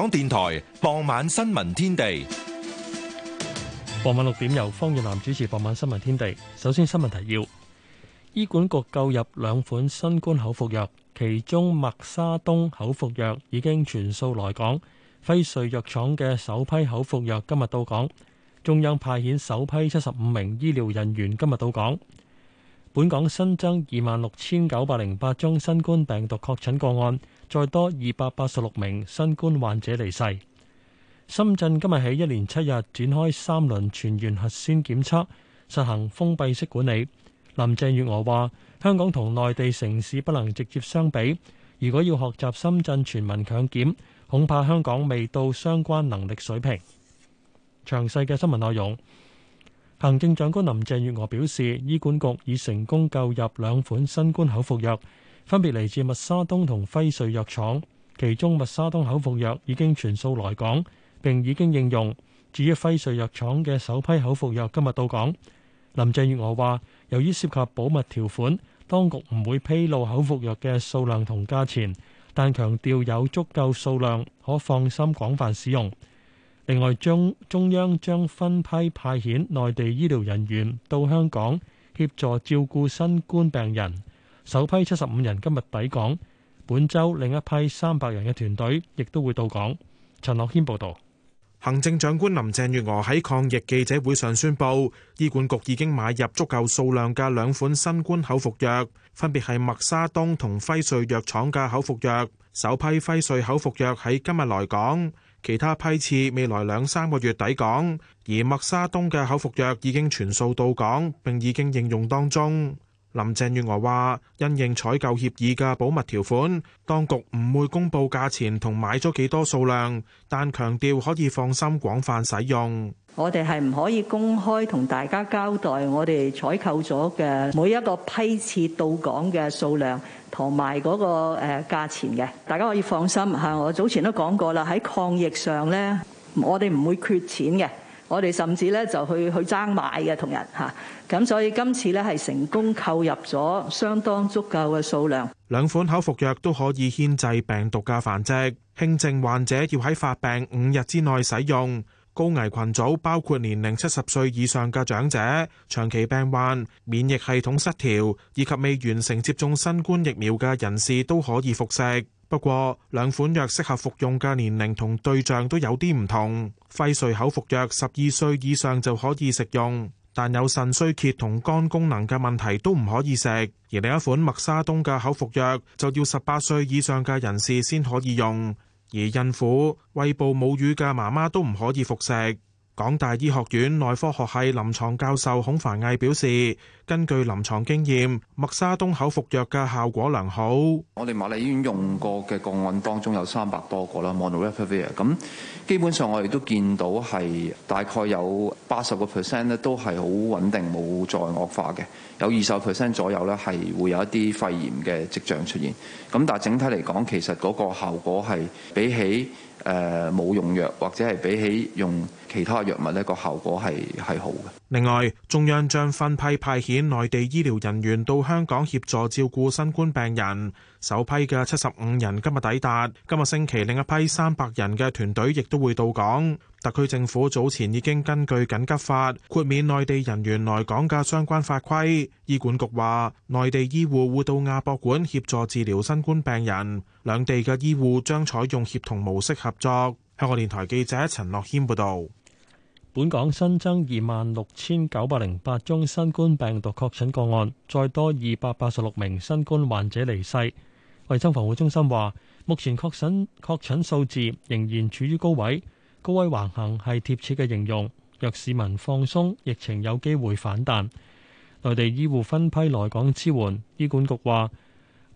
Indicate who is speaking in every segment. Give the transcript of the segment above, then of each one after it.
Speaker 1: 港電台傍晚新聞天地，傍晚六點由方月南主持。傍晚新聞天地，首先新聞提要：醫管局購入兩款新冠口服藥，其中默沙東口服藥已經全數來港，輝瑞藥廠嘅首批口服藥今日到港。中央派遣首批七十五名醫療人員今日到港。本港新增二萬六千九百零八宗新冠病毒確診個案。再多二百八十六名新冠患者離世。深圳今日起一連七日展開三輪全員核酸檢測，實行封閉式管理。林鄭月娥話：香港同內地城市不能直接相比，如果要學習深圳全民強檢，恐怕香港未到相關能力水平。詳細嘅新聞內容，行政長官林鄭月娥表示，醫管局已成功購入兩款新冠口服藥。分別嚟自默沙東同輝瑞藥廠，其中默沙東口服藥已經全數來港並已經應用。至於輝瑞藥廠嘅首批口服藥今日到港。林鄭月娥話：由於涉及保密條款，當局唔會披露口服藥嘅數量同價錢，但強調有足夠數量可放心廣泛使用。另外，中中央將分批派遣內地醫療人員到香港協助照顧新冠病人。首批七十五人今日抵港，本
Speaker 2: 周另一批三百人嘅團隊亦都會到港。陳樂謙報道。行政長官林鄭月娥喺抗疫記者會上宣布，醫管局已經買入足夠數量嘅兩款新冠口服藥，分別係默沙東同輝瑞藥廠嘅口服藥。首批輝瑞口服藥喺今日來港，其他批次未來兩三個月抵港。而默沙東嘅口服藥已經全數到港，並已經應用當中。林鄭月娥話：因應採購協議嘅保密條款，當局唔會公布價錢同買咗幾多數量，但強調可以放心廣泛使用。
Speaker 3: 我哋係唔可以公開同大家交代我哋採購咗嘅每一個批次到港嘅數量同埋嗰個誒價錢嘅，大家可以放心吓。我早前都講過啦，喺抗疫上咧，我哋唔會缺錢嘅。我哋甚至咧就去去爭買嘅同人吓，咁所以今次咧係成功購入咗相當足夠嘅數量。
Speaker 2: 兩款口服藥都可以牽制病毒嘅繁殖，輕症患者要喺發病五日之內使用。高危群組包括年齡七十歲以上嘅長者、長期病患、免疫系統失調以及未完成接種新冠疫苗嘅人士都可以服食。不過，兩款藥適合服用嘅年齡同對象都有啲唔同。輝瑞口服藥十二歲以上就可以食用，但有腎衰竭同肝功能嘅問題都唔可以食。而另一款默沙東嘅口服藥就要十八歲以上嘅人士先可以用，而孕婦、餵哺母乳嘅媽媽都唔可以服食。港大醫學院內科學系臨床教授孔繁毅表示，根據臨床經驗，默沙東口服藥嘅效果良好。我哋瑪麗醫院用
Speaker 4: 過嘅個案當中有三百多個啦，molnupiravir。咁基本上我哋都見到係大概有八十個 percent 咧，都係好穩定，冇再惡化嘅。有二十 percent 左右咧，係會有一啲肺炎嘅跡象出現。咁但係整體嚟講，其實嗰個效果係比起。誒冇用藥，或者係比起用其他藥物呢個效果係係好嘅。
Speaker 2: 另外，中央將分批派遣內地醫療人員到香港協助照顧新冠病人。首批嘅七十五人今日抵達，今個星期另一批三百人嘅團隊亦都會到港。特區政府早前已經根據緊急法豁免內地人員來港嘅相關法規。醫管局話，內地醫護會到亞博館協助治療新冠病人，兩地嘅醫護將採用協同模式合作。香港電台記者陳諾謙報道。本港新增二萬六千九百零八宗新冠病毒確
Speaker 1: 診個案，再多二百八十六名新冠患者離世。衛生防護中心話，目前確診確診數字仍然處於高位，高位橫行係貼切嘅形容。若市民放鬆，疫情有機會反彈。內地醫護分批來港支援，醫管局話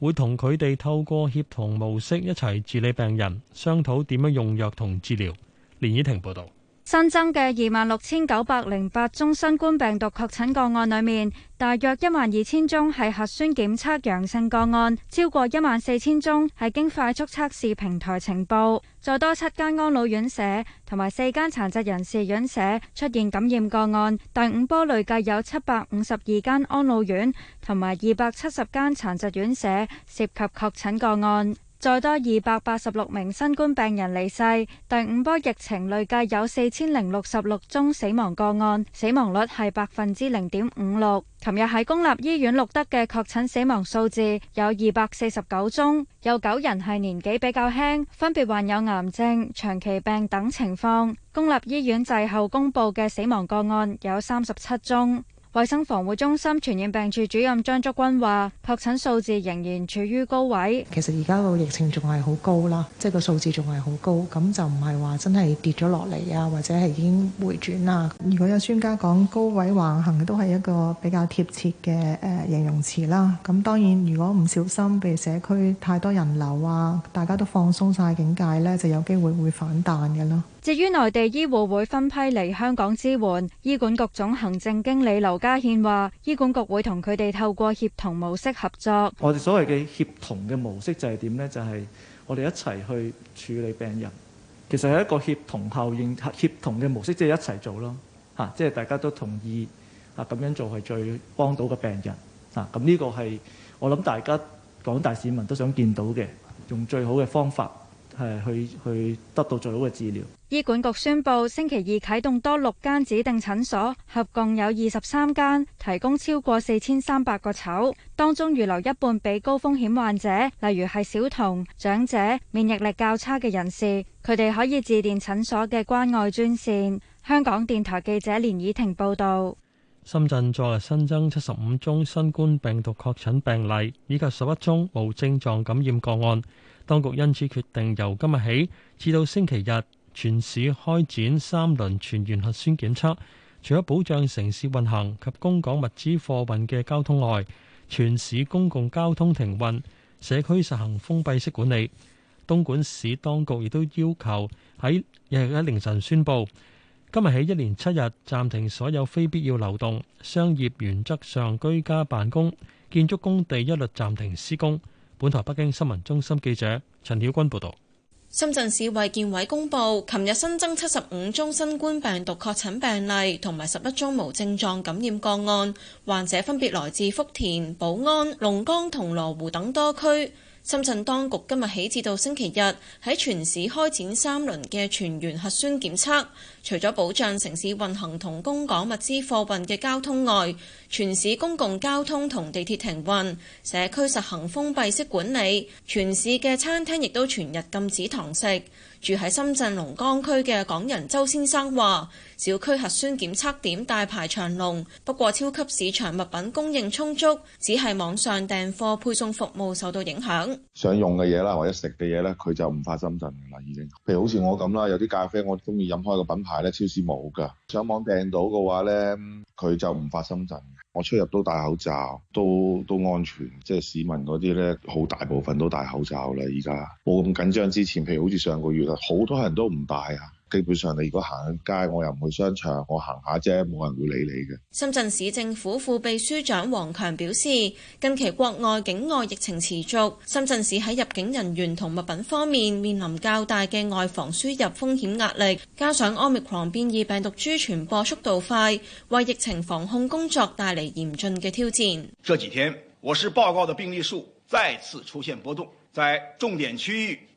Speaker 1: 會同佢哋透過協同模式一齊治理病人，商討點樣用藥同治療。連以婷報道。
Speaker 5: 新增嘅二萬六千九百零八宗新冠病毒確診個案裏面，大約一萬二千宗係核酸檢測陽性個案，超過一萬四千宗係經快速測試平台呈報。再多七間安老院舍同埋四間殘疾人士院舍出現感染個案。第五波累計有七百五十二間安老院同埋二百七十間殘疾院舍涉及確診個案。再多二百八十六名新冠病人離世，第五波疫情累計有四千零六十六宗死亡個案，死亡率係百分之零點五六。琴日喺公立醫院錄得嘅確診死亡數字有二百四十九宗，有九人係年紀比較輕，分別患有癌症、長期病等情況。公立醫院滯後公布嘅死亡個案有三十七宗。衛生防護中心傳染病處主任張竹君話，確診數字仍然處於高位，
Speaker 6: 其實而家個疫
Speaker 3: 情仲係好高啦，即係個數字仲係好高，咁就唔係話真係跌咗落嚟，啊，或者係已經回轉啦。如果有專家講高位橫行都係一個比較貼切嘅誒形容詞啦，咁當然如果唔小心，譬如社區太多人流啊，大家都放鬆晒警戒呢，就有機會會反彈噶咯。
Speaker 5: 至於內地醫護會分批嚟香港支援，醫管局總行政經理劉家憲話，醫管局會同佢哋透過協同模式合作。我
Speaker 7: 哋所謂嘅協同嘅模式就係點呢？就係、是、我哋一齊去處理病人，其實係一個協同效應、協同嘅模式，即係一齊做咯。嚇，即係大家都同意嚇咁樣做係最幫到嘅病人。嚇、啊，咁呢個係我諗大家廣大市民都想見到嘅，用最好嘅方法。係去去得到最好嘅治療。
Speaker 5: 醫管局宣布星期二啟動多六間指定診所，合共有二十三間提供超過四千三百個籌，當中預留一半俾高風險患者，例如係小童、長者、免疫力較差嘅人士，佢哋可以致電診所嘅關愛專線。香港電台記者連以婷報導。
Speaker 1: 深圳昨日新增七十五宗新冠病毒確診病例，以及十一宗無症狀感染個案。當局因此決定，由今日起至到星期日，全市開展三輪全員核酸檢測。除咗保障城市運行及供港物資貨運嘅交通外，全市公共交通停運，社區實行封閉式管理。東莞市當局亦都要求喺翌日凌晨宣佈，今日起一連七日暫停所有非必要流動，商業原則上居家辦公，建築工地一律暫停施工。本台北京新聞中心記者陳曉君報道，
Speaker 8: 深圳市衛健委公布，琴日新增七十五宗新冠病毒確診病例，同埋十一宗無症狀感染個案，患者分別來自福田、寶安、龍崗同羅湖等多區。深圳當局今日起至到星期日，喺全市開展三輪嘅全員核酸檢測。除咗保障城市運行同供港物資貨運嘅交通外，全市公共交通同地鐵停運，社區實行封閉式管理，全市嘅餐廳亦都全日禁止堂食。住喺深圳龍崗區嘅港人周先生話，小區核酸檢測點大排長龍，不過超級市場物品供應充足，只係網上訂貨配送服務受到影響。
Speaker 9: 想用嘅嘢啦，或者食嘅嘢咧，佢就唔發深圳噶啦，已經。譬如好似我咁啦，有啲咖啡我中意飲開個品牌咧，超市冇噶，上網訂到嘅話咧，佢就唔發深圳。我出入都戴口罩，都都安全。即係市民嗰啲咧，好大部分都戴口罩啦。而家冇咁緊張。之前譬如好似上個月啊，好多人都唔戴啊。基本上，你如果行街，我又唔去商場，我行下啫，冇人會理你嘅。
Speaker 8: 深圳市政府副秘書長王強表示，近期國外境外疫情持續，深圳市喺入境人員同物品方面面臨較大嘅外防輸入風險壓力，加上奧密克戎變異病毒株傳播速度快，為疫情防控工作帶嚟嚴峻嘅挑
Speaker 2: 戰。這幾天，我市報告的病例數再次出現波動，在重點區域。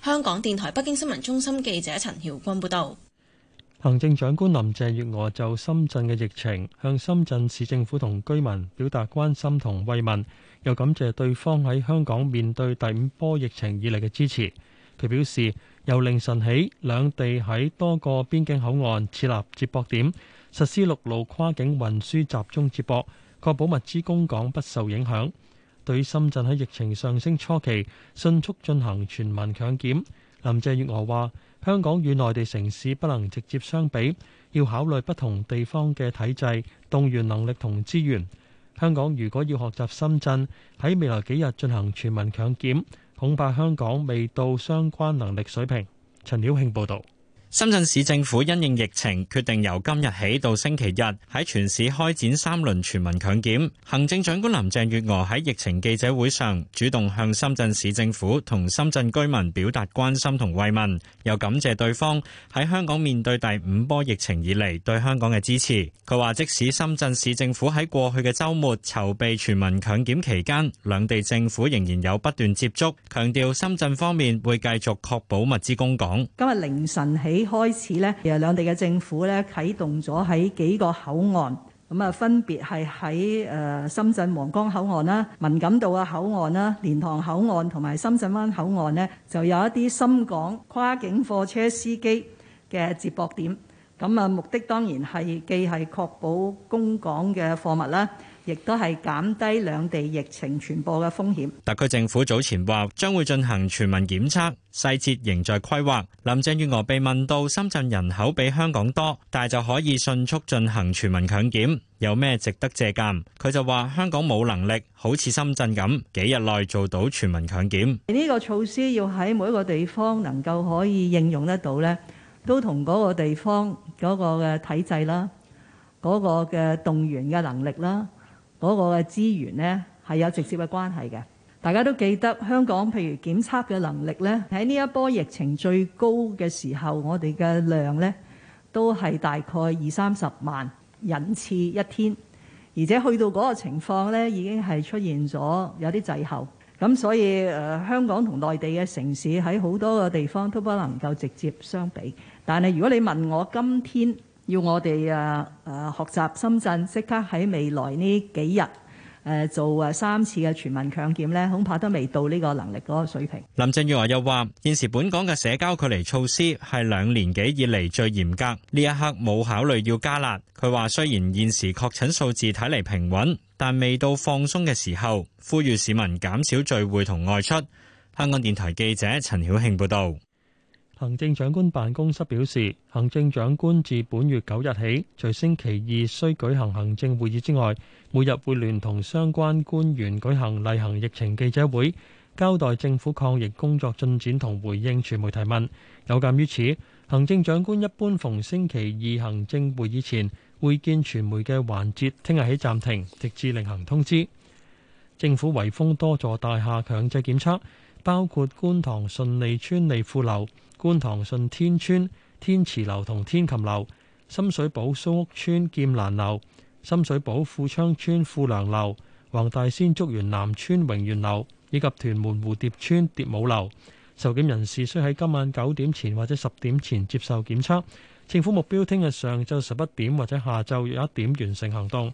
Speaker 8: 香港電台北京新聞中心記者陳曉君報道，
Speaker 1: 行政長官林鄭月娥就深圳嘅疫情向深圳市政府同居民表達關心同慰問，又感謝對方喺香港面對第五波疫情以嚟嘅支持。佢表示，由凌晨起，兩地喺多個邊境口岸設立接駁點，實施陸路跨境運輸集中接駁，確保物資供港不受影響。對深圳喺疫情上升初期迅速進行全民強檢，林鄭月娥話：香港與內地城市不能直接相比，要考慮不同地方嘅體制、動員能力同資源。香港如果要學習深圳，喺未來幾日進行全民強檢，恐怕香港未到相關能力水平。陳曉慶報導。
Speaker 10: 深圳市政府因應疫情，決定由今日起到星期日喺全市開展三輪全民強檢。行政長官林鄭月娥喺疫情記者會上主動向深圳市政府同深圳居民表達關心同慰問，又感謝對方喺香港面對第五波疫情以嚟對香港嘅支持。佢話即使深圳市政府喺過去嘅周末籌備全民強檢期間，兩地政府仍然有不斷接觸，強調深圳方面會繼續確保物資供港。
Speaker 3: 今日凌晨起，幾開始咧，其實兩地嘅政府咧啟動咗喺幾個口岸，咁啊分別係喺誒深圳皇崗口岸啦、文錦渡嘅口岸啦、蓮塘口岸同埋深圳灣口岸呢就有一啲深港跨境貨車司機嘅接駁點。咁啊，目的當然係既係確保供港嘅貨物啦。亦都係減低兩地疫情傳播嘅風
Speaker 10: 險。特區政府早前話將會進行全民檢測，細節仍在規劃。林鄭月娥被問到深圳人口比香港多，但係就可以迅速進行全民強檢，有咩值得借鑑？佢就話：香港冇能力好似深圳咁幾日內做到全民強檢。
Speaker 3: 呢個措施要喺每一個地方能夠可以應用得到呢，都同嗰個地方嗰個嘅體制啦，嗰個嘅動員嘅能力啦。嗰個嘅資源呢係有直接嘅關係嘅，大家都記得香港譬如檢測嘅能力呢，喺呢一波疫情最高嘅時候，我哋嘅量呢都係大概二三十萬人次一天，而且去到嗰個情況呢已經係出現咗有啲滯後，咁所以誒、呃、香港同內地嘅城市喺好多個地方都不能夠直接相比，但係如果你問我今天，要我哋啊啊學習深圳，即刻喺未來呢幾日誒做誒三次嘅全民強檢咧，恐怕都未到呢個能力嗰個水平。
Speaker 10: 林鄭月娥又話：現時本港嘅社交距離措施係兩年幾以嚟最嚴格，呢一刻冇考慮要加辣。佢話：雖然現時確診數字睇嚟平穩，但未到放鬆嘅時候，呼籲市民減少聚會同外出。香港電台記者陳曉慶報道。
Speaker 1: 行政長官辦公室表示，行政長官自本月九日起，除星期二需舉行行政會議之外，每日會聯同相關官員舉行例行疫情記者會，交代政府抗疫工作進展同回應傳媒提問。有鑑於此，行政長官一般逢星期二行政會議前會見傳媒嘅環節，聽日起暫停，直至另行通知。政府圍封多座大廈強制檢測，包括觀塘順利邨利富樓。觀塘順天邨、天池樓同天琴樓、深水埗蘇屋邨劍蘭樓、深水埗富昌邨富良樓、黃大仙竹園南邨榮園樓以及屯門蝴蝶邨蝶舞樓，受檢人士需喺今晚九點前或者十點前接受檢測。政府目標聽日上晝十一點或者下晝約一點完成行動。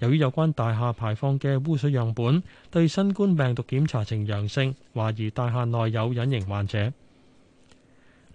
Speaker 1: 由於有關大廈排放嘅污水樣本對新冠病毒檢查呈陽性，懷疑大廈內有隱形患者。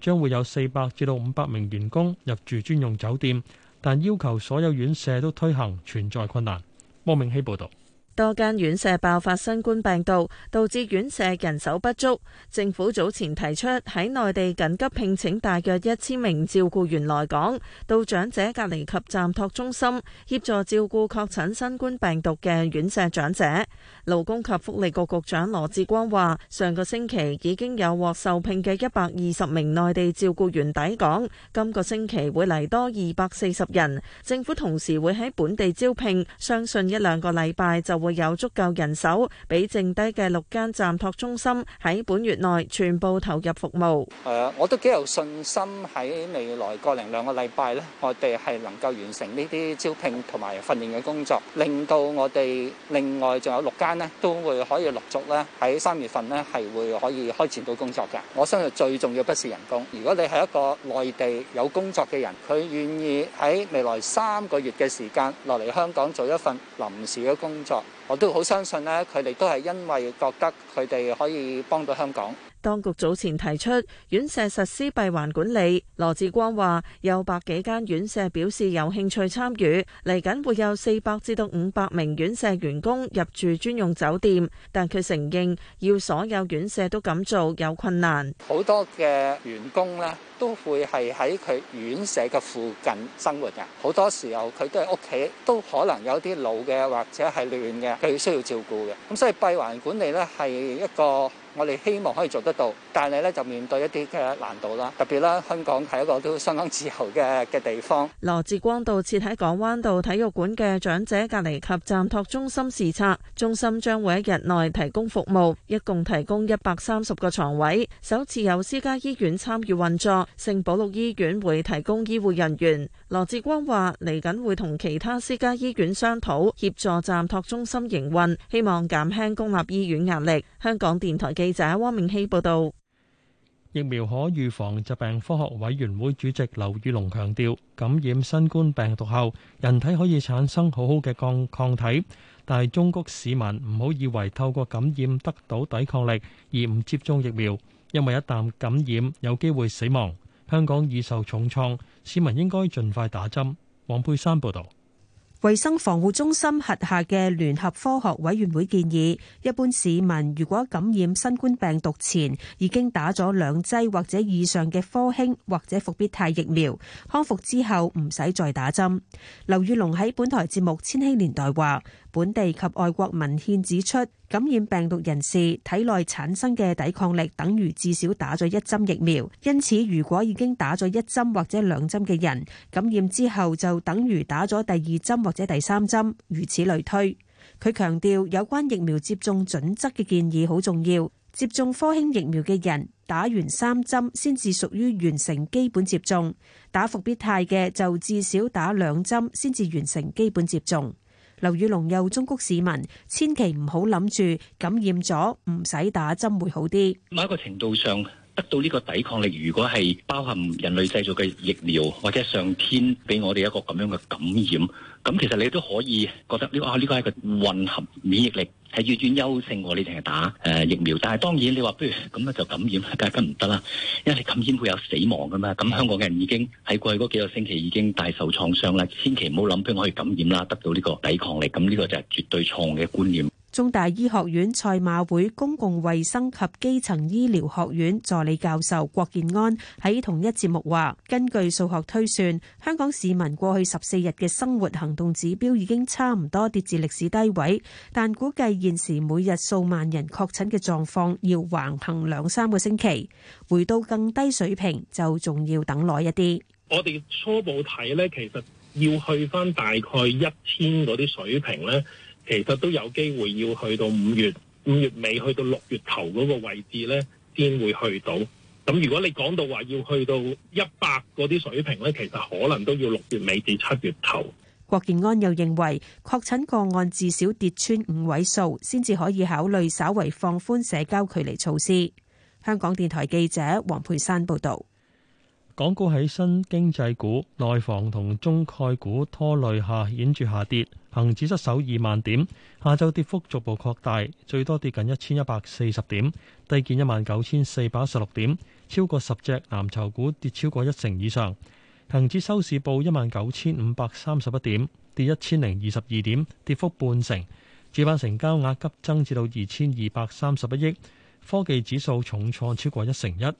Speaker 1: 將會有四百至到五百名員工入住專用酒店，但要求所有院舍都推行存在困難。汪明希報導。
Speaker 11: 多間院舍爆發新冠病毒，導致院舍人手不足。政府早前提出喺內地緊急聘請大約一千名照顧員來港，到長者隔離及暫托中心協助照顧確診新冠病毒嘅院舍長者。勞工及福利局局長羅志光話，上個星期已經有獲受聘嘅一百二十名內地照顧員抵港，今個星期會嚟多二百四十人。政府同時會喺本地招聘，相信一兩個禮拜就會。有足夠人手，俾剩低嘅六間暫托中心喺本月內全部投入服務。
Speaker 4: 係啊，我都幾有信心喺未來個零兩個禮拜咧，我哋係能夠完成呢啲招聘同埋訓練嘅工作，令到我哋另外仲有六間咧都會可以陸續咧喺三月份咧係會可以開展到工作嘅。我相信最重要不是人工。如果你係一個內地有工作嘅人，佢願意喺未來三個月嘅時間落嚟香港做一份臨時嘅工作。我都好相信咧，佢哋都係因為覺得佢哋可以幫到香港。
Speaker 11: 當局早前提出院舍實施閉環管理，羅致光話有百幾間院舍表示有興趣參與，嚟緊會有四百至到五百名院舍員工入住專用酒店，但佢承認要所有院舍都噉做有困難。
Speaker 4: 好多嘅員工呢都會係喺佢院舍嘅附近生活嘅，好多時候佢都係屋企都可能有啲老嘅或者係亂嘅，佢需要照顧嘅。咁所以閉環管理呢係一個。我哋希望可以做得到，但係咧，就面對一啲嘅難度啦，特別啦香港係一個都相當自由嘅嘅地方。
Speaker 11: 羅志光到設喺港灣道體育館嘅長者隔離及暫托中心視察，中心將會喺日內提供服務，一共提供一百三十個床位，首次有私家醫院參與運作，聖保祿醫院會提供醫護人員。羅志光話：嚟緊會同其他私家醫院商討協助暫託中心營運，希望減輕公立醫院壓力。香港電台記者汪明希報道。
Speaker 1: 疫苗可預防疾病科學委員會主席劉宇龍強調，感染新冠病毒後，人體可以產生好好嘅抗抗體，但係中國市民唔好以為透過感染得到抵抗力而唔接種疫苗，因為一旦感染有機會死亡。香港已受重創，市民應該盡快打針。黃佩珊報道。
Speaker 6: 衛生防護中心轄下嘅聯合科學委員會建議，一般市民如果感染新冠病毒前已經打咗兩劑或者以上嘅科興或者復必泰疫苗，康復之後唔使再打針。劉宇隆喺本台節目《千禧年代》話本地及外國文獻指出，感染病毒人士體內產生嘅抵抗力等於至少打咗一針疫苗。因此，如果已經打咗一針或者兩針嘅人感染之後，就等於打咗第二針或者第三針，如此類推。佢強調有關疫苗接種準則嘅建議好重要。接種科興疫苗嘅人打完三針先至屬於完成基本接種，打復必泰嘅就至少打兩針先至完成基本接種。劉宇龍又忠告市民千祈唔好諗住感染咗唔使打針會好啲。
Speaker 4: 某一個程度
Speaker 10: 上，得到呢個抵抗力，如果係包含人類製造嘅疫苗，或者上天俾我哋一個咁樣嘅感染，咁其實你都可以覺得呢啊呢個係一個混合免疫力。係越轉優勝過，你淨係打誒、呃、疫苗，但係當然你話不如咁咧就感染，梗係唔得啦，因為你感染會有死亡噶嘛。咁香港嘅人已經喺過去嗰幾個星期已經大受創傷啦，千祈唔好諗畀我去感染啦，得到呢個抵抗力，咁呢個就係絕對錯誤嘅
Speaker 12: 觀念。
Speaker 6: 中大醫學院賽馬會公共衛生及基層醫療學院助理教授郭建安喺同一節目話，根據數學推算，香港市民過去十四日嘅生活行動指標已經差唔多跌至歷史低位，但估計現時每日數萬人確診嘅狀況要橫行兩三個星期，回到更低水平就仲要等耐一啲。
Speaker 13: 我哋初步睇
Speaker 1: 咧，其實要去翻大概一千嗰啲水平咧。其實都有機會要去到五月，五月尾，去到六月頭嗰個位置咧，先會去到。咁如果你講到話要去到一百嗰啲水平咧，其實可能都要六月尾至七月頭。
Speaker 6: 郭建安又認為，確診個案至少跌穿五位數，先至可以考慮稍為放寬社交距離措施。香港電台記者黃佩珊報道。
Speaker 1: 港股喺新經濟股、內房同中概股拖累下，顯著下跌，恒指失守二萬點。下晝跌幅逐步擴大，最多跌近一千一百四十點，低見一萬九千四百十六點，超過十隻藍籌股跌超過一成以上。恒指收市報一萬九千五百三十一點，跌一千零二十二點，跌幅半成。主板成交額急增至到二千二百三十一億，科技指數重創超過一成一。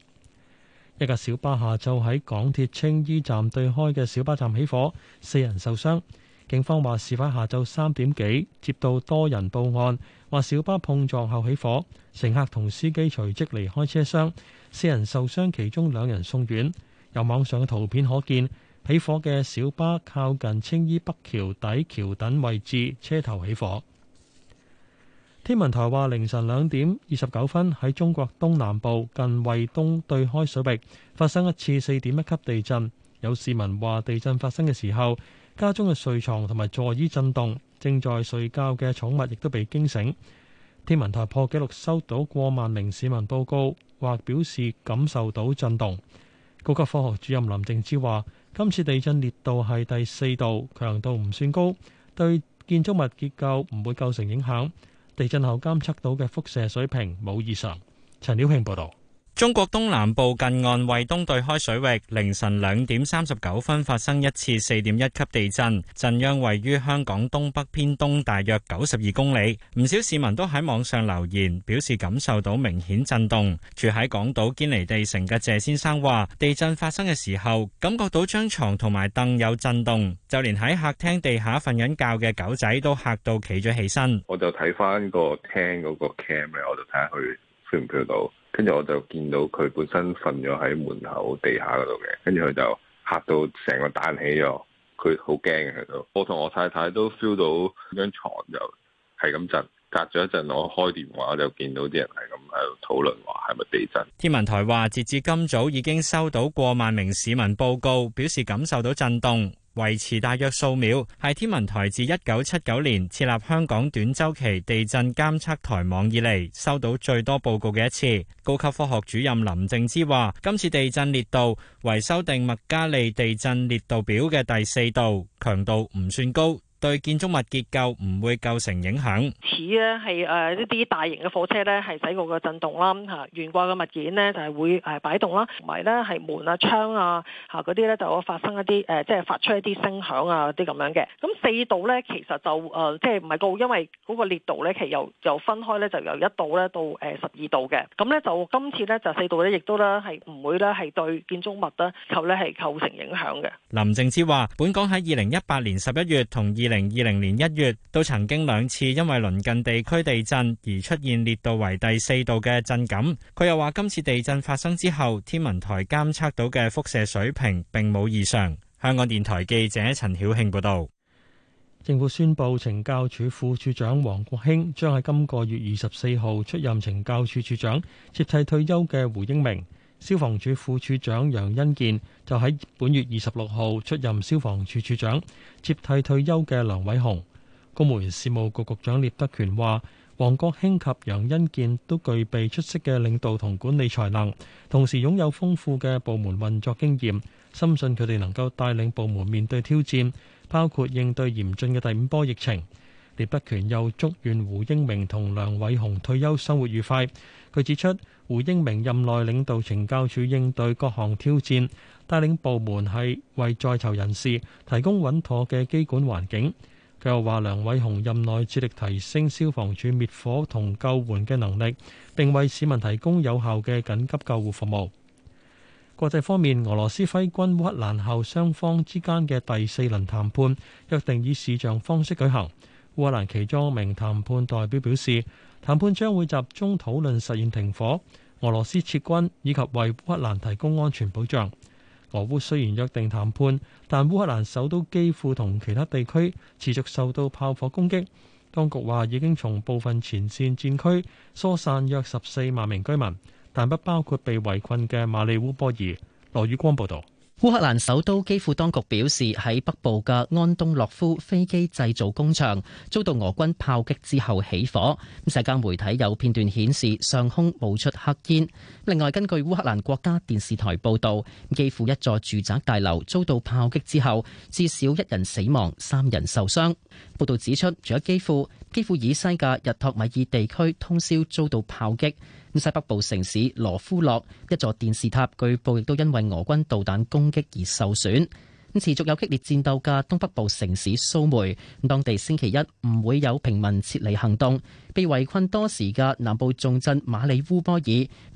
Speaker 1: 一架小巴下晝喺港鐵青衣站對開嘅小巴站起火，四人受傷。警方話事發下晝三點幾接到多人報案，話小巴碰撞後起火，乘客同司機隨即離開車廂，四人受傷，其中兩人送院。由網上嘅圖片可見，起火嘅小巴靠近青衣北橋底橋墩位置，車頭起火。天文台話，凌晨兩點二十九分喺中國東南部近惠東對開水域發生一次四點一級地震。有市民話，地震發生嘅時候，家中嘅睡床同埋座椅震動，正在睡覺嘅寵物亦都被驚醒。天文台破紀錄收到過萬名市民報告，或表示感受到震動。高級科學主任林靜芝話，今次地震烈度係第四度，強度唔算高，對建築物結構唔會構成影響。地震後監測到嘅輻射水平冇異常。陳曉慶報道。中
Speaker 10: 國東南部近岸惠東對開水域凌晨兩點三十九分發生一次四點一級地震，震央位於香港東北偏東大約九十二公里。唔少市民都喺網上留言，表示感受到明顯震動。住喺港島堅尼地城嘅謝先生話，地震發生嘅時候，感覺到張床同埋凳有震動，就連喺客廳地下瞓緊覺嘅狗仔都吓到企咗起身。我就睇翻個廳嗰個 cam 咧，我就睇下佢 feel 唔 feel 到。跟住我就見到佢本身瞓咗喺門口地下嗰度嘅，跟住佢就嚇到成個彈起咗，佢好驚佢喺我同我太太都 feel 到張床就係咁震，隔咗一陣我開電話就見到啲人係咁喺度討論話係咪地震。天文台話，截至今早已經收到過萬名市民報告，表示感受到震動。維持大約數秒，係天文台自一九七九年設立香港短周期地震監測台網以嚟收到最多報告嘅一次。高級科學主任林靜之話，今次地震烈度為修訂麥加利地震烈度表嘅第四度，強度唔算高。對建築物結構唔會構成影響。
Speaker 3: 似咧係誒一啲大型嘅火車咧，係使到個震動啦吓，懸掛嘅物件咧就係會誒擺動啦，同埋咧係門啊窗啊吓嗰啲咧就會發生一啲誒即係發出一啲聲響啊啲咁樣嘅。咁四度咧其實就誒即係唔係高，因為嗰個烈度咧其實由由分開咧就由一度咧到誒十二度嘅。咁咧就今次咧就四度咧亦都咧係唔會咧係對建築物咧構咧係構成影響嘅。
Speaker 10: 林靜詩話：本港喺二零一八年十一月同二，二零二零年一月都曾經兩次因為鄰近地區地震而出現烈度為第四度嘅震感。佢又話今次地震發生之後，天文台監測到嘅輻射水平並冇異常。香港電台記者陳曉慶報道。
Speaker 1: 政府宣布，懲教署副署長黃國興將喺今個月二十四號出任懲教署署長，接替退休嘅胡英明。消防處副處長楊恩健就喺本月二十六號出任消防處處長，接替退休嘅梁偉雄。公務員事務局局長聶德權話，黃國興及楊恩健都具備出色嘅領導同管理才能，同時擁有豐富嘅部門運作經驗，深信佢哋能夠帶領部門面對挑戰，包括應對嚴峻嘅第五波疫情。葉德權又祝願胡英明同梁偉雄退休生活愉快。佢指出，胡英明任內領導懲教署應對各項挑戰，帶領部門係為在囚人士提供穩妥嘅羈管環境。佢又話，梁偉雄任內致力提升消防處滅火同救援嘅能力，並為市民提供有效嘅緊急救護服務。國際方面，俄羅斯揮軍烏克蘭後，雙方之間嘅第四輪談判約定以視像方式舉行。烏克蘭其中一名談判代表表示，談判將會集中討論實現停火、俄羅斯撤軍以及為烏克蘭提供安全保障。俄烏雖然約定談判，但烏克蘭首都基輔同其他地區持續受到炮火攻擊。當局話已經從部分前線戰區疏散約十四萬名居民，但不包括被圍
Speaker 13: 困嘅馬里烏波爾。羅宇光報道。烏克蘭首都基輔當局表示，喺北部嘅安東諾夫飛機製造工廠遭到俄軍炮擊之後起火。咁，社交媒體有片段顯示上空冒出黑煙。另外，根據烏克蘭國家電視台報道，基輔一座住宅大樓遭到炮擊之後，至少一人死亡，三人受傷。報道指出，除咗基輔。基輔以西嘅日托米爾地區通宵遭到炮擊，西北部城市羅夫洛，一座電視塔據報亦都因為俄軍導彈攻擊而受損。咁，持續有激烈戰鬥嘅東北部城市蘇梅，咁當地星期一唔會有平民撤離行動。被圍困多時嘅南部重鎮馬里烏波爾，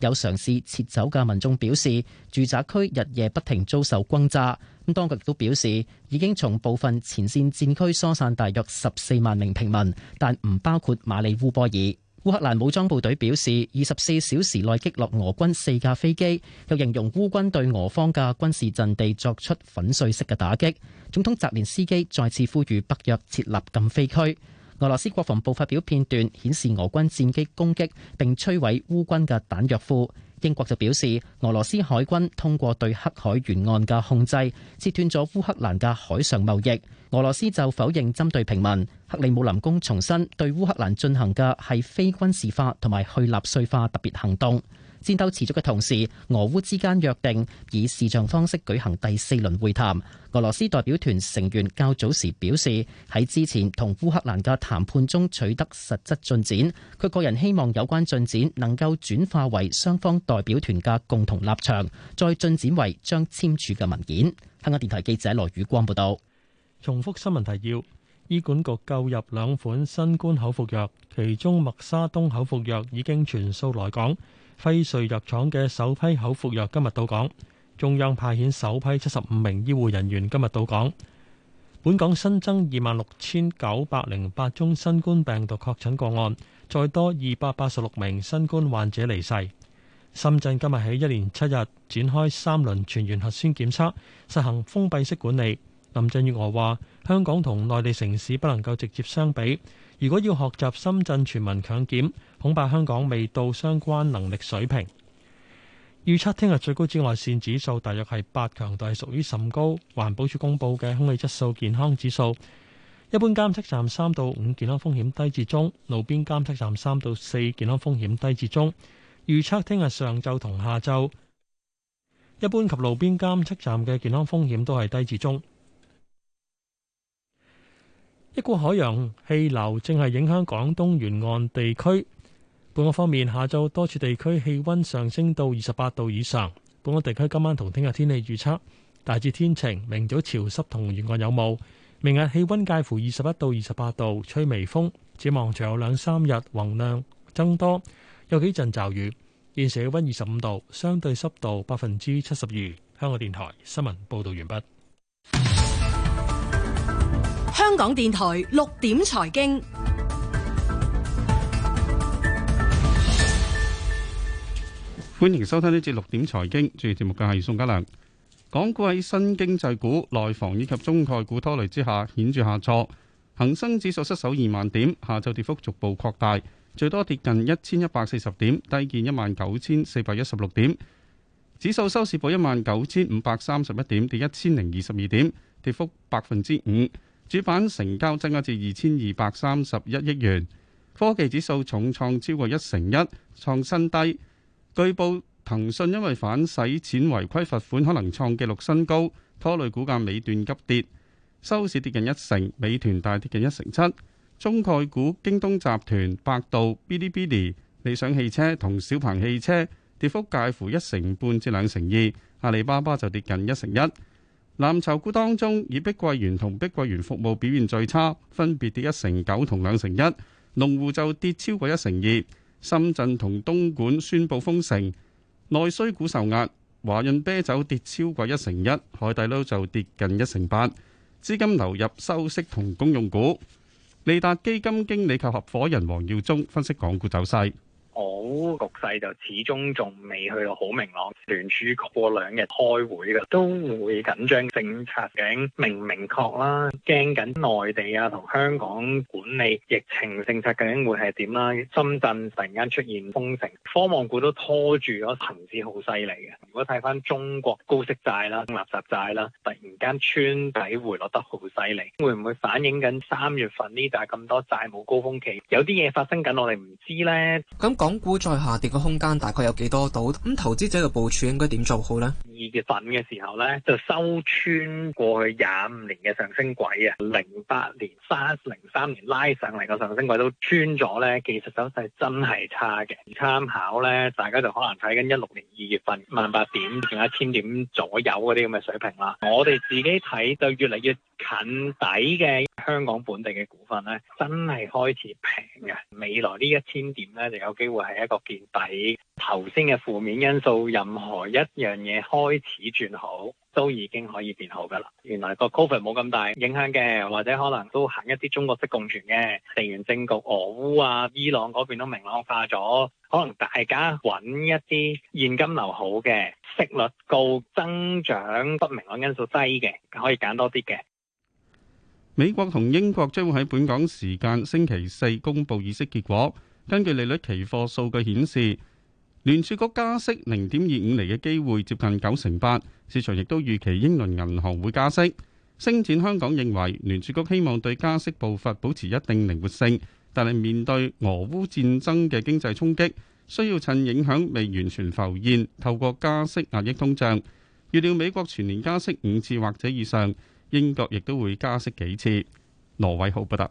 Speaker 13: 有嘗試撤走嘅民眾表示，住宅區日夜不停遭受轟炸。咁當局亦都表示，已經從部分前線戰區疏散大約十四萬名平民，但唔包括馬里烏波爾。烏克蘭武裝部隊表示，二十四小時內擊落俄軍四架飛機，又形容烏軍對俄方嘅軍事陣地作出粉碎式嘅打擊。總統澤連斯基再次呼籲北約設立禁飛區。俄羅斯國防部發表片段，顯示俄軍戰機攻擊並摧毀烏軍嘅彈藥庫。英國就表示，俄羅斯海軍通過對黑海沿岸嘅控制，切斷咗烏克蘭嘅海上貿易。俄羅斯就否認針對平民。克里姆林宮重申，對烏克蘭進行嘅係非軍事化同埋去納粹化特別行動。戰鬥持續嘅同時，俄烏之間約定以視像方式舉行第四輪會談。俄羅斯代表團成員較早時表示，喺之前同烏克蘭嘅談判中取得實質進展。佢個人希望有關進展能夠轉化為雙方代表團嘅共同立場，再進展為將簽署嘅文件。香港電台記者羅宇光報道。重複新聞提要：醫管局購入兩款新冠口服藥，
Speaker 1: 其中默沙東口服藥已經全數來港。輝瑞藥廠嘅首批口服藥今日到港，中央派遣首批七十五名醫護人員今日到港。本港新增二萬六千九百零八宗新冠病毒確診個案，再多二百八十六名新冠患者離世。深圳今日喺一連七日展開三輪全員核酸檢測，實行封閉式管理。林鄭月娥話：香港同內地城市不能夠直接相比。如果要學習深圳全民強檢，恐怕香港未到相關能力水平。預測聽日最高紫外線指數大約係八強，就係屬於甚高。環保署公佈嘅空氣質素健康指數，一般監測站三到五健康風險低至中，路邊監測站三到四健康風險低至中。預測聽日上晝同下晝，一般及路邊監測站嘅健康風險都係低至中。一股海洋氣流正係影響廣東沿岸地區。本港方面，下晝多處地區氣温上升到二十八度以上。本港地區今晚同聽日天氣預測大致天晴，明早潮濕同沿岸有霧。明日氣温介乎二十一到二十八度，吹微風。展望仲有兩三日雲量增多，有幾陣驟雨。現時氣温二十五度，相對濕度百分之七十二。香港電台新聞報導完畢。
Speaker 3: 香港電台六點財經，
Speaker 12: 歡迎收聽呢節六點財經。主持節目嘅係宋家良。港股喺新經濟股、內房以及中概股拖累之下，顯著下挫。恒生指數失守二萬點，下晝跌幅逐步擴大，最多跌近一千一百四十點，低見一萬九千四百一十六點。指數收市報一萬九千五百三十一點，跌一千零二十二點，跌幅百分之五。主板成交增加至二千二百三十一億元，科技指數重創超過一成一，創新低。據報騰訊因為反洗錢違規罰款，可能創紀錄新高，拖累股價尾段急跌，收市跌近一成。美團大跌近一成七，中概股京東集團、百度、Bilibili、理想汽車同小鵬汽車跌幅介乎一成半至兩成二，阿里巴巴就跌近一成一。藍籌股當中，以碧桂園同碧桂園服務表現最差，分別跌一成九同兩成一；龍湖就跌超過一成二。深圳同東莞宣布封城，內需股受壓，華潤啤酒跌超過一成一，海底撈就跌近一成八。資金流入收息同公用股。利達基金經理及合伙人黃耀忠分析港股走勢。
Speaker 14: 好、哦、局勢就始終仲未去到好明朗，聯儲局過兩日開會嘅，都會緊張政策究竟明唔明確啦，驚緊內地啊同香港管理疫情政策究竟會係點啦？深圳突然間出現封城，科網股都拖住咗層次好犀利嘅。如果睇翻中國高息債啦、垃圾債啦，突然間穿底回落得好犀利，會唔會反映緊三月份呢？就係咁多債務高峰期，有啲嘢發生緊，我哋唔
Speaker 15: 知呢。咁。港股再下跌嘅空間大概有幾多度？咁投資者嘅部署應該點做好呢？二
Speaker 14: 月份嘅時候呢，就收穿過去廿五年嘅上升軌啊，零八年三、零三年拉上嚟個上升軌都穿咗呢。技術走勢真係差嘅。參考呢，大家就可能睇緊一六年二月份萬八點，仲有一千點左右嗰啲咁嘅水平啦。我哋自己睇就越嚟越近底嘅香港本地嘅股份呢，真係開始平嘅。未來呢一千點呢，就有機會。會係一個見底頭先嘅負面因素，任何一樣嘢，開始轉好，都已經可以變好噶啦。原來個 Covid 冇咁大影響嘅，或者可能都行一啲中國式共存嘅地緣政局，俄烏啊、伊朗嗰邊都明朗化咗，可能大家揾一啲現金流好嘅，息率高、增長不明朗因素低嘅，可以揀多啲嘅。
Speaker 12: 美國同英國將會喺本港時間星期四公布議息結果。根據利率期貨數據顯示，聯儲局加息零點二五厘嘅機會接近九成八，市場亦都預期英倫銀行會加息。星展香港認為聯儲局希望對加息步伐保持一定靈活性，但係面對俄烏戰爭嘅經濟衝擊，需要趁影響未完全浮現，透過加息壓抑通脹。預料美國全年加息五次或者以上，英國亦都會加息幾次。羅偉浩報道。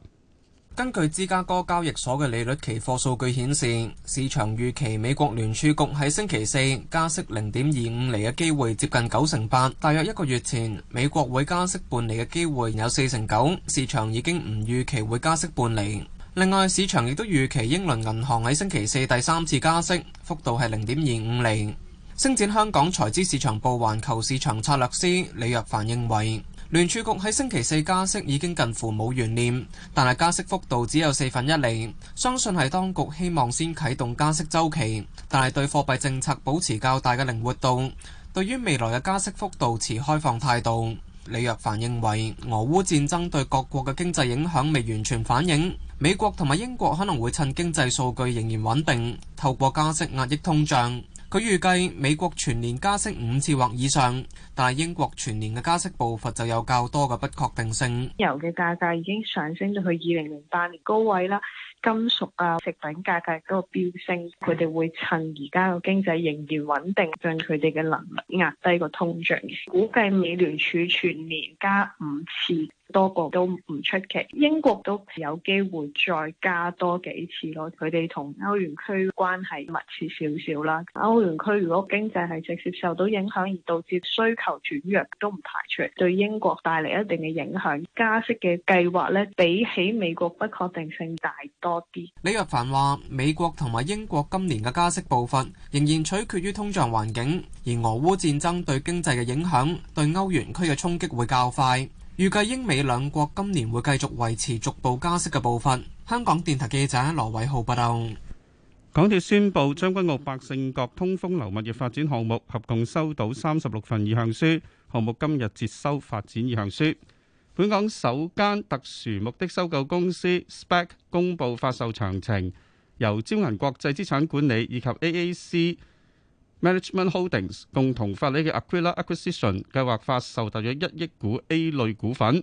Speaker 15: 根據芝加哥交易所嘅利率期貨數據顯示，市場預期美國聯儲局喺星期四加息零點二五厘嘅機會接近九成八。大約一個月前，美國會加息半厘嘅機會有四成九，市場已經唔預期會加息半厘。另外，市場亦都預期英倫銀行喺星期四第三次加息，幅度係零點二五厘。星展香港財資市場部環球市場策略師李若凡認為。聯儲局喺星期四加息已經近乎冇懸念，但係加息幅度只有四分一厘。相信係當局希望先啟動加息周期，但係對貨幣政策保持較大嘅靈活度，對於未來嘅加息幅度持開放態度。李若凡認為，俄烏戰爭對各國嘅經濟影響未完全反映，美國同埋英國可能會趁經濟數據仍然穩定，透過加息壓抑通脹。佢預計美國全年加息五次或以上，但係英國全年嘅加息步伐就有較多嘅不確定性。
Speaker 3: 油嘅價格已經上升到去二零零八年高位啦，金屬啊、食品價格嗰個飆升，佢哋會趁而家個經濟仍然穩定，盡佢哋嘅能力壓低個通脹。估計美聯儲全年加五次。多個都唔出奇，英國都有機會再加多幾次咯。佢哋同歐元區關係密切少少啦。歐元區如果經濟係直接受到影響，而導致需求轉弱，都唔排除對英國帶嚟一定嘅影響。加息嘅計劃咧，比起美國不確定性大多啲。
Speaker 15: 李若凡話：美國同埋英國今年嘅加息步伐仍然取決於通脹環境，而俄烏戰爭對經濟嘅影響對歐元區嘅衝擊會較快。預計英美兩國今年會繼續維持逐步加息嘅步伐。香港電台記者羅偉浩
Speaker 12: 報道。港鐵宣布將軍澳百勝閣通風樓物業發展項目合共收到三十六份意向書，項目今日接收發展意向書。本港首間特殊目的收購公司 SPAC 公布發售詳情，由招銀國際資產管理以及 AAC。Management Holdings 共同發起嘅 Aquila Acquisition 計劃發售大約一億股 A 類股份。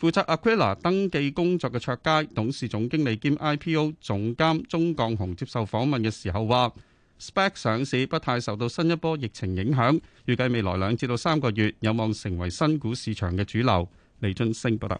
Speaker 12: 負責 Aquila 登記工作嘅卓佳董事總經理兼 IPO 總監鐘降雄接受訪問嘅時候話：Spec 上市不太受到新一波疫情影響，預計未來兩至到三個月有望成為新股市場嘅主流。李進升報道。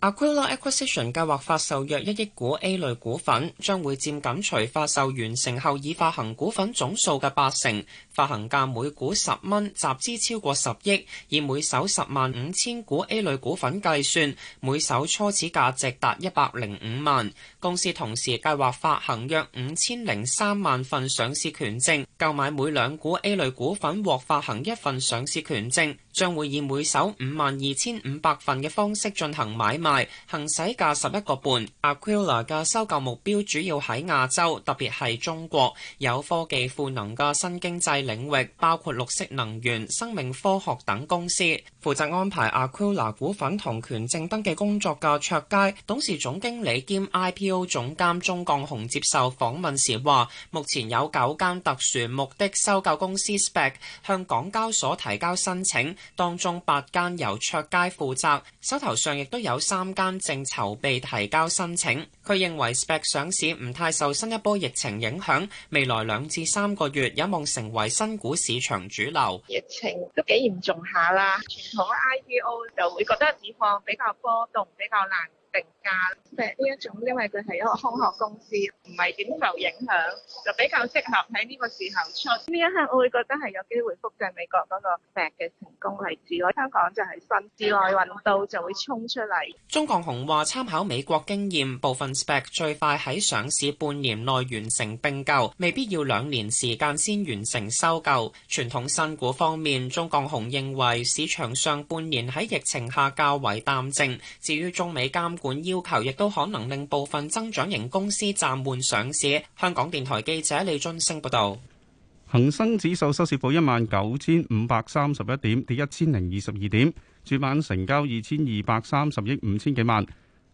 Speaker 9: Aquila Acquisition 計劃發售約一億股 A 類股份，將會佔緊隨發售完成後已發行股份總數嘅八成。發行價每股十蚊，集資超過十億。以每手十萬五千股 A 類股份計算，每手初始價值達一百零五萬。公司同時計劃發行約五千零三萬份上市權證，購買每兩股 A 類股份獲發行一份上市權證。將會以每手五萬二千五百份嘅方式進行買賣，行使價十一個半。Aquila 嘅收購目標主要喺亞洲，特別係中國有科技賦能嘅新經濟領域，包括綠色能源、生命科學等公司。負責安排 Aquila 股份同權證登記工作嘅卓佳董事總經理兼 IPO 總監鐘國雄接受訪問時話，目前有九間特殊目的收購公司 Spec 向港交所提交申請。當中八間由卓佳負責，手頭上亦都有三間正籌備提交申請。佢認為 SPAC 上市唔太受新一波疫情影響，未來兩至三個月有望成為新股市場主流。
Speaker 8: 疫情都幾嚴重下啦，傳統 IPO 就會覺得市況比
Speaker 3: 較波動，比較難。
Speaker 8: 定
Speaker 3: 價，Spec 呢一種，因為佢係一個空殼公司，唔係點受影響，就比較適合喺呢個時候出。呢一刻我會覺得係有機會複製美國嗰個 Spec 嘅成功例子咯。香港就係新資內運
Speaker 8: 到就會衝出嚟。
Speaker 9: 鍾國雄話：參考美國經驗，部分 Spec 最快喺上市半年內完成並購，未必要兩年時間先完成收購。傳統新股方面，鍾國雄認為市場上半年喺疫情下較為淡靜，至於中美監管要求亦都可能令部分增長型公司暫緩上市。香港電台記者李俊升報道：
Speaker 12: 恒生指數收市報一萬九千五百三十一點，跌一千零二十二點；主板成交二千二百三十億五千幾萬。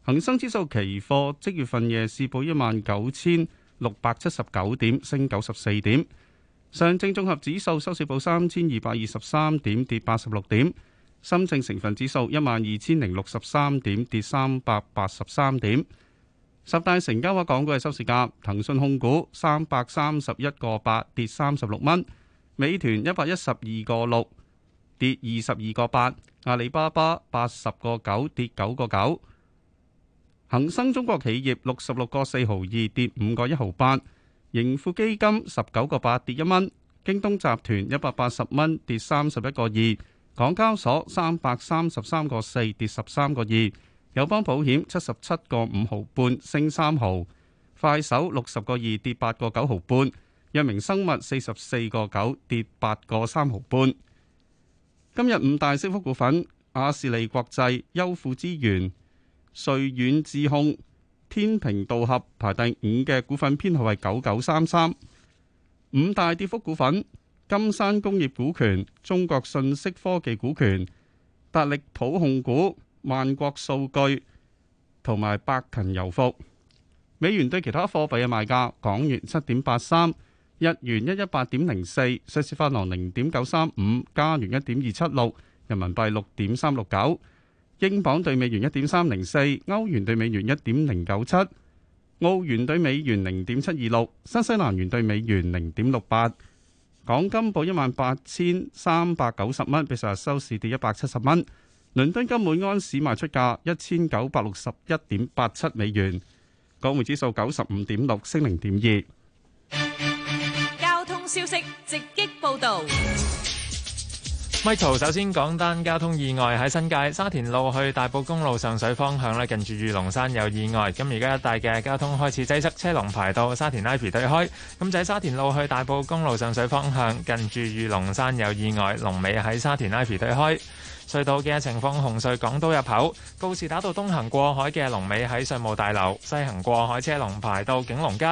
Speaker 12: 恒生指數期貨即月份夜市報一萬九千六百七十九點，升九十四點。上證綜合指數收市報三千二百二十三點，跌八十六點。深證成分指數，一萬二千零六十三點，跌三百八十三點。十大成交額港股嘅收市價：騰訊控股三百三十一個八，跌三十六蚊；美團一百一十二個六，跌二十二個八；阿里巴巴八十個九，跌九個九。恒生中國企業六十六個四毫二，跌五個一毫八；盈富基金十九個八，跌一蚊；京東集團一百八十蚊，跌三十一個二。港交所三百三十三個四，跌十三個二，友邦保險七十七個五毫半，升三毫，快手六十個二，跌八個九毫半，藥明生物四十四個九，跌八個三毫半。今日五大升幅股份：亞士利國際、優富資源、瑞遠智控、天平道合，排第五嘅股份編號係九九三三。五大跌幅股份。金山工業股權、中國信息科技股權、達力普控股、萬國數據同埋百勤郵服。美元對其他貨幣嘅賣價：港元七點八三，日元一一八點零四，瑞士法郎零點九三五，加元一點二七六，人民幣六點三六九，英鎊兌美元一點三零四，歐元兌美元一點零九七，澳元兌美元零點七二六，新西蘭元兌美元零點六八。港金報一萬八千三百九十蚊，比上日收市跌一百七十蚊。倫敦金每安士賣出價一千九百六十一點八七美元，港匯指數九十五點六升零點二。
Speaker 6: 交通消息直擊報道。
Speaker 7: Michael 首先講單交通意外，喺新界沙田路去大埔公路上水方向咧，近住御龍山有意外，咁而家一帶嘅交通開始擠塞，車龍排到沙田 I P 對開。咁就喺沙田路去大埔公路上水方向，近住御龍山有意外，龍尾喺沙田 I P 對開。隧道嘅情況，紅隧港島入口告士打道東行過海嘅龍尾喺稅務大樓，西行過海車龍排到景隆街，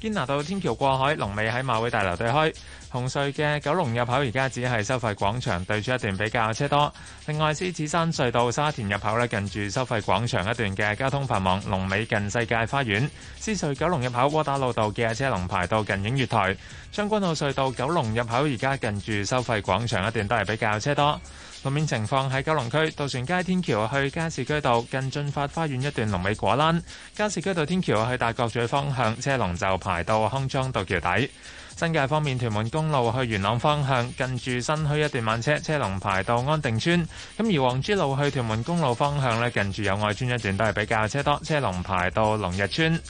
Speaker 7: 堅拿道天橋過海龍尾喺馬會大樓對開。紅隧嘅九龍入口而家只係收費廣場對出一段比較車多。另外獅子山隧道沙田入口咧，近住收費廣場一段嘅交通繁忙，龍尾近世界花園。獅隧九龍入口窩打老道嘅車龍排到近影月台。將軍澳隧道九龍入口而家近住收費廣場一段都係比較車多。路面情況喺九龍區渡船街天橋去加士居道近駿發花園一段龍尾果欄。加士居道天橋去大角咀方向車龍就排到康莊道橋底。新界方面，屯門公路去元朗方向近住新墟一段慢車，車龍排到安定村。咁而皇珠路去屯門公路方向咧，近住友愛村一段都係比較車多，車龍排到龍日村。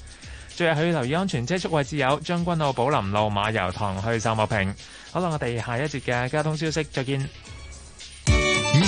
Speaker 7: 最後，我要留意安全車速位置有將軍澳寶林路馬油塘去秀茂坪。好啦，我哋下一節嘅交通消息再見。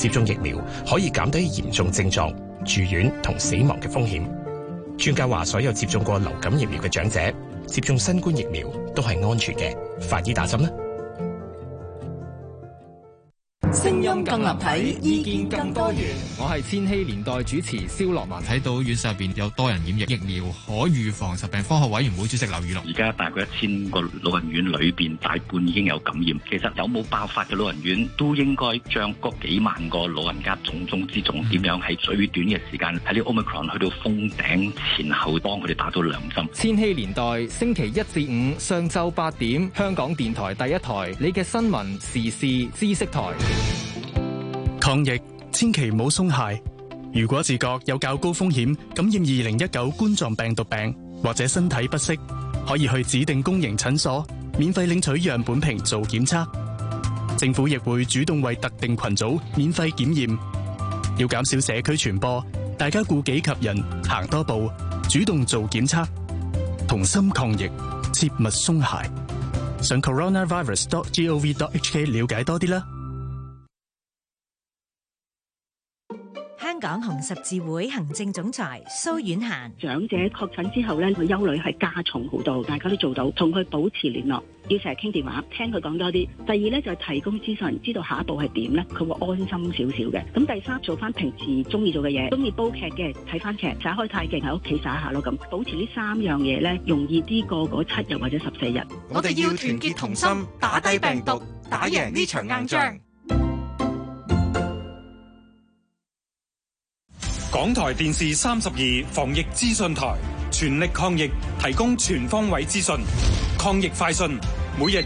Speaker 1: 接
Speaker 7: 種疫苗可以減低嚴重症狀、住院同死亡嘅風險。
Speaker 10: 專家話，所有接種過流感疫苗嘅長者，接種新冠疫苗都係安全嘅。快啲打針啦。
Speaker 8: 聲音更立體，意
Speaker 10: 見更多元。我係千禧年代主持蕭樂文，睇到院舍入邊有多人染疫，疫
Speaker 7: 苗可預防疾病。科學委員會主席劉宇隆，
Speaker 10: 而家大概一千個老人院裏邊，大半已經有感染。其實有冇爆發嘅老人院，都應該將嗰幾萬個老人家重中之重，點樣喺最短嘅時間喺呢個 omicron 去到封頂前後，幫佢哋打到兩針。千禧年代星期一至五上晝八點，香港電台第一台，你嘅新聞時事知識台。抗疫
Speaker 12: 千祈唔好鬆懈。如果自覺有較高風險感染2019冠狀病毒病，或者身體不適，可以去指定公營診所免費領取樣本瓶做檢測。政府亦會主動為特定群組免費檢驗。要減少社區傳播，大家顧己及人，行多步，主動做檢測，同心抗疫，切勿鬆懈。上 coronavirus.gov.hk 了解多啲啦。
Speaker 3: 港紅十字會行政總裁蘇婉嫻，長者確診之後咧，佢憂慮係加重好多，大家都做到同佢保持聯絡，要成日傾電話，聽佢講多啲。第二咧就係、是、提供資訊，知道下一步係點咧，佢會安心少少嘅。咁第三做翻平時中意做嘅嘢，中意煲劇嘅睇翻劇，耍開太極喺屋企耍下咯。咁保持呢三樣嘢咧，容易啲過嗰七日或者十四日。我哋要團結同
Speaker 1: 心，打低病毒，打贏呢場硬仗。港台電視三十二防疫資訊台全力抗疫，提供全方位資訊，抗疫快訊每日。